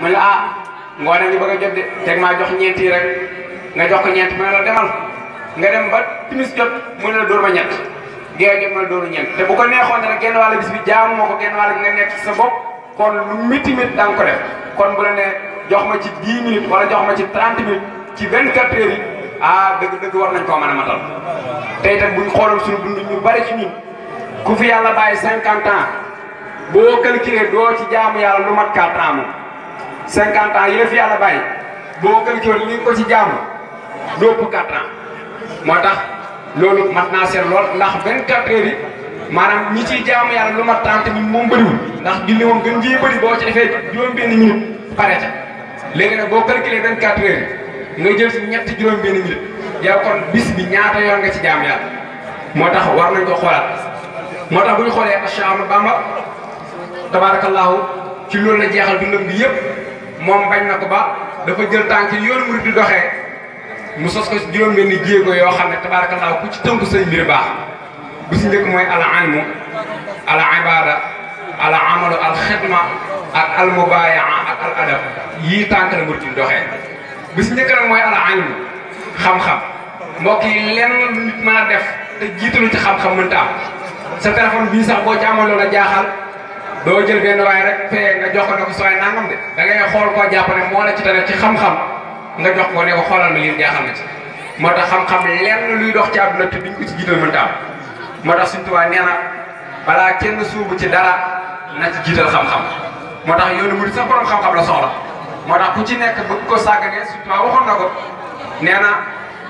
mu la ah ngoone ngi bëgg a jot de teg maa jox ñeenti rek nga jox ko ñeent mu ne la demal nga dem ba timis jot mu ne la dóor ma ñett gee jot ma la ñeent te bu ko neexoon genn wàll bis bi moo ko genn wàll nga nekk sa bopp kon lu métti métti da nga ko def kon bu la ne jox ma ci 10 minutes wala jox ma ci 30 minutes ci 24 heures yi ah dëgg dëgg war nañ koo mën a matal tey tam buñ xooloon suñu dund ñu bari ci ñun ku fi yàlla bàyyi 50 ans boo calculé doo ci jaamu yàlla lu mat 4 ans moom 50 ans yi la fi yàlla bàyyi boo kër gi ni ko ci jamm lu ëpp quatre ans motax lolu loolu mat naa seet lool ndax 24 heures yi manam ni ci jamm yalla luma ma trente mom beuri bëriwul ndax julli moom gën jii beuri bo ci defé juroom ben minute paré ca légui nak bo calculer 24 heures nga jël ci ñett juroom ben minute yow kon bis bi ñaata yoon nga ci jamm yalla motax war nañ ko xolat motax buñ xolé ñu Bamba tabarakallah ci loolu la jéxal dundum bi yépp moom bañ na ko ba dafa jël tànk yoonu murid di doxee mu sos ko juróom-benni jéego yoo xam ne tabaarakallaa ku ci tënku sëñ biir baax bu si njëkk mooy al ilmu al ibada al amalu al ak al ak al yii tànk la di doxee bu si njëkk nag mooy al ilmu xam-xam mbokk yi lenn lu nit mën def te jiitalu ci xam-xam mënta am sa téléphone bii sax boo ci amoon loola jaaxal loo jël benn waaye rek fee nga jox ko ne ko sooy nangam de da ngay xool koo jàpp ne moo la ci tane xam-xam nga jox ko ne ko xoolal ma lii jaaxal na ci moo tax xam-xam lenn luy dox ci àdduna te duñ ko ci jiital mënta moo tax suñu balaa kenn suubu ci dara na ci jiital xam-xam moo tax yoonu murid sax borom xam-xam la soxla moo tax ku ci nekk bëgg ko sàggane suñu tubaab waxoon na ko nee na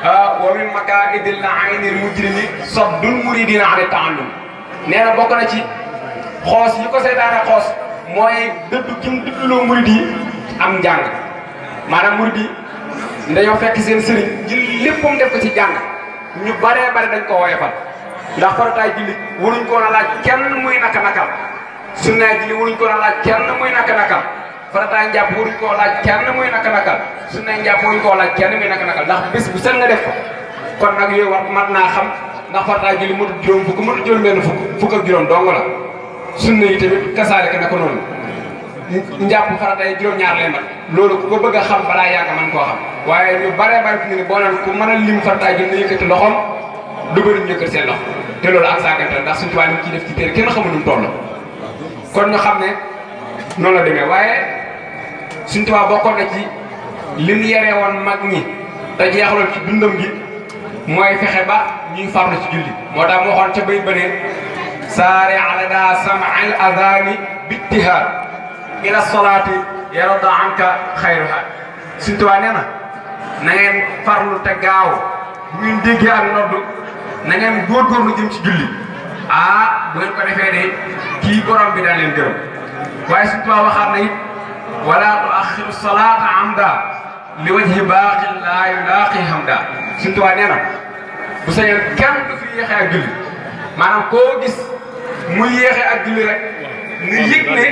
ah, wa min makaa'idil aynil mujrimi saddul muridina ani ta'allum nee na bokk na ci xoos yu ko setana xoos moy deug gi mu dëdduloo mouride am jang manam mouride yi fekk seen serigne jël léppam def ko ci jang ñu bare bare dañ ko woyefal ndax farataay julli waruñ ko na laaj kenn muy naka nakal sunna julli waruñ ko na laaj kenn muy naka nakal farataay njàpp waruñ koo laaj kenn muy naka nakal sunnaay njàpp waruñ koo laaj kenn muy naka nakal ndax bis bu sën nga def ko kon nak yooyu wat mat na xam ndax farataay julli mënut juróom fukk mu juróom ben fukk fukk ak juróom dong la sunna yi tamit tasaare ko na ko noonu njàpp faratay juróom-ñaar lay loolu ku ko bëgg a xam balaa yàgg man koo xam waaye ñu bare bare fi ne boo naan ku mën a lim farataay junne yëkkati loxoom te loolu ak saagante ndax yi ciy def ci téere kon ñu xam ne noonu la demee waaye suñu tubaab bokkoon na ci li mu yaree woon mag ñi te jeexaloon ci dundam gi mooy fexe ba ñuy farlu ci julli moo tax moo xoon ca bay bënee سارع لنا سمع الأذان باجتهاد إلى الصلاة يرضى عنك خيرها سنتوا نينا نين فرلو تغاو من ديغي اك نودو نين غور غور لو جيم سي جولي ah bu ngeen ko defee de kii borom bi daa leen gërëm waaye suñ tubaab waxaat na it wala tuaxiru salaata amda li wajhi baaqi laa yulaaqi hamda suñ tubaab nee na bu sañoon kenn du fi yéexee ak julli maanaam koo gis mu yéexe ak julli rek nga yëg ne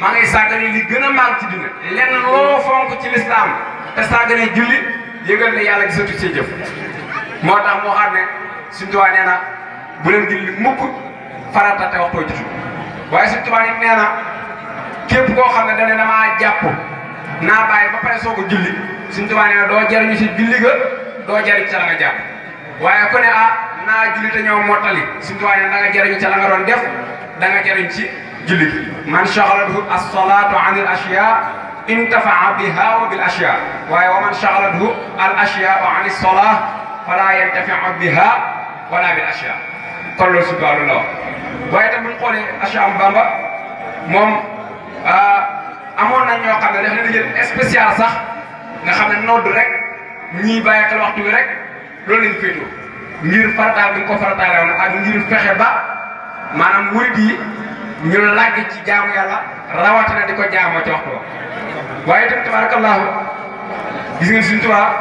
maa ngi sàggane li gën a maam ci dina lenn loo fonk ci lislaam te sàggane julli yëgal ne yàlla gisatu ci moo tax moo xam ne suñu bu leen julli mukk farata te wax koy jotu waaye suñu tubaab képp koo xam ne dana damaa jàpp naa bàyyi ba pare soo ko julli suñu tubaab doo jariñu si julli ga doo jariñ ca la nga waye ko ne ah na julli ñoo ñëw mottali suñ ko da nga jarign ci la nga doon def da nga jarign ci julit man shaghalahu as-salatu anil ashiya intafa'a biha wa bil ashiya waye wa man shaghalahu al ashiya anis salah fala yantafi'u biha wala bil ashiya kon lo suñ ko wàllu la tam buñ xoolee ashiya am bamba moom ah, amon na ñoo xamne def na jël spécial sax nga xamne nodd rek ñi bàyyi waxtu bi rek loolu lañ féetoo ngir farataal bi ñu ko farataale ak ngir fexe ba maanaam murid yi ñu làgg ci jaamu yàlla rawatina di ko jaamoo jox waxtu waaye itam tabaarakallaahu gis ngeen suñu tubaab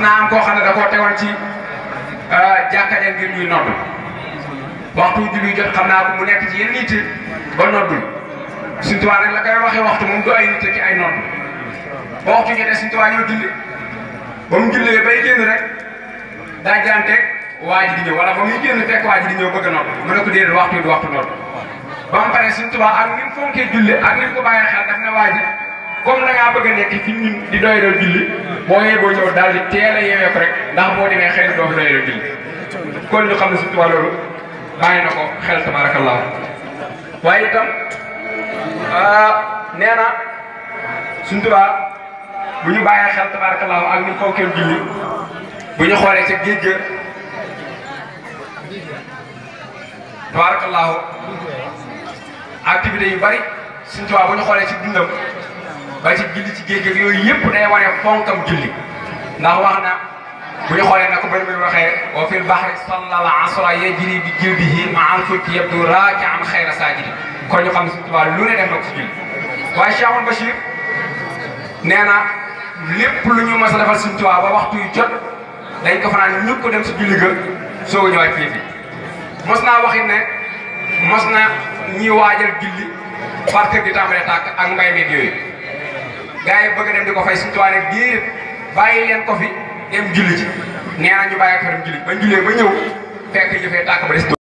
naa am koo xam ne da koo tegoon ci euh, jàkka ja ngir ñuy nodd waxtu julli jot xam naa ko mu nekk ci yenn nit ba noddul suñu tubaab rek la koy waxee waxtu moom du ay nit ci ay nodd ba waxtu jotee suñu tubaab julli ba mu jullee bay génn rek. dajjanteeg waa ji di ñëw wala ba muy génn fekk waa ji di ñëw bëgg a nodd a ne ko déedéet waxtu du waxtu nodd ba mu paree suñ ak ni mu fonkee julli ak ni mu ko a nekk di doyadoo julli boo yee boo ñëw daal di teel a yeewee ko rek ndax boo demee xëy na doo fi doyadoo julli kon ñu xam ne suñ tubaab loolu bàyyi na ko xel tabarakallah waaye itam ah, nee na suñ tubaab bu ñu bàyyee xel tabarakallah ak ni mu fonkee julli bu ñu xoolee ca géej ga tabaarakallaahu activité yu bari suñ tubaa bu ñu xoolee ci dundam ba ci julli ci géej ga yooyu yëpp day waree fonkam julli ndax wax na bu ñu xoolee na ko bëri muy waxee wa fil bahri asra yajri bi jildihi ma al fulki yabdu raakian xayra saajidi kon ñu xam suñ tubaa lu ne def na ko ci julli waaye Cheikhul Bachir nee na lépp lu ñu mas a defal suñ tubaa waxtu yu jot dañ ko fanaan ñëpp ko dem si julli ga soo ko ñëwaat fii mos naa waxit ne mos na ñi waajal julli par kër gi tàmbalee tàkk ak mbay meeg yooyu gars yi bëgg dem di ko fay suñu tubaab di déedéet bàyyi leen ko fi dem julli ci nee na ñu bàyyi ko fa julli ba jullee ba ñëw fekk ñu fay tàkk ba des.